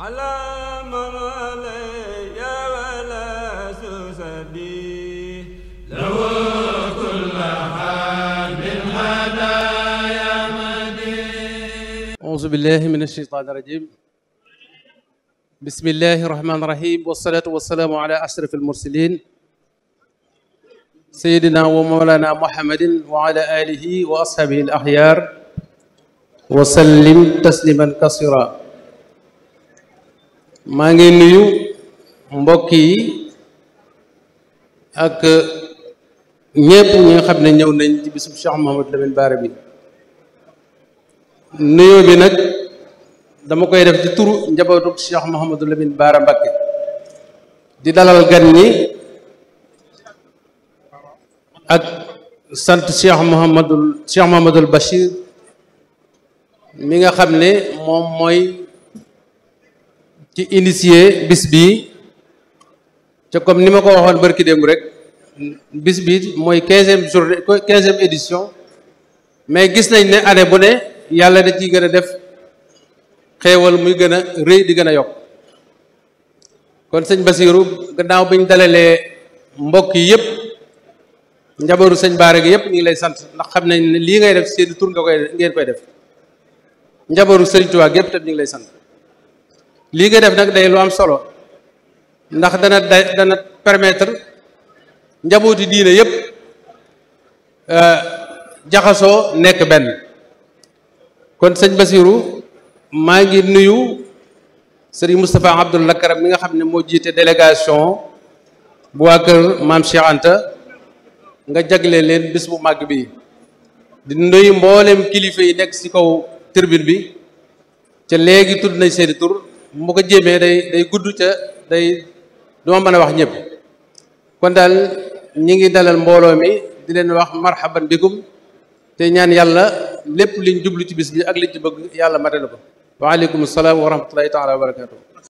على من علي ولا سسدي له كل حال بالهدايا مدين أعوذ بالله من الشيطان الرجيم بسم الله الرحمن الرحيم والصلاة والسلام على أشرف المرسلين سيدنا ومولانا محمد وعلى آله وأصحابه الأخيار وسلم تسليما كثيرا maa ngi nuyu mbokk yi ak ñépp ñi nga xam ne ñëw nañ ci bisub Cheikh Mouhamadou Lamine Bara bi nuyoo bi nag dama koy def ci turu njabootu Cheikh Mouhamadou Lamine Bara Mbacké di dalal gan ñi ak sant Cheikh Mouhamadul Cheikh Mouhamadul Bachir mi nga xam ne moom mooy ci initié bis bi te comme ni ma ko waxoon barki démb rek bis bi mooy quinzième journée quinzième édition mais gis nañ ne année bu ne yàlla da ciy gën a def xewal muy gën a rëy di gën a yokk kon sëñ Basiru gannaaw ñu dalalee mbokk yi yëpp njabaru sëñ Baara gi yëpp ñu ngi lay sant ndax xam nañ ne lii ngay def seen tur nga koy ngeen koy def njabaru sëriñ Tuubaa gi yëpp tam ñu ngi lay sant lii nga def nag day lu am solo ndax dana day dana permettre njabooti diine yépp euh, jaxasoo nekk benn kon sëñ Basiru maa ngi nuyu sëriñ Moustapha Abdoul Lakram mi nga xam ne moo jiite délégation bu waa kër maam Cheikh Anta nga jagle leen bis bu màgg bi di nuyu mboolem kilifa yi nekk ci kaw tribune bi te léegi tudd nañ seeni tur moo ko jéemee day day gudd ca day duma mën a wax ñëpp kon daal ñu ngi dalal mbooloo mi di leen wax marhaban bikum te ñaan yàlla lépp liñ jublu ci bis bi ak liñ bëgg yàlla matale ko waaleykum salaam wa rahmatullahi taala wa barakatuh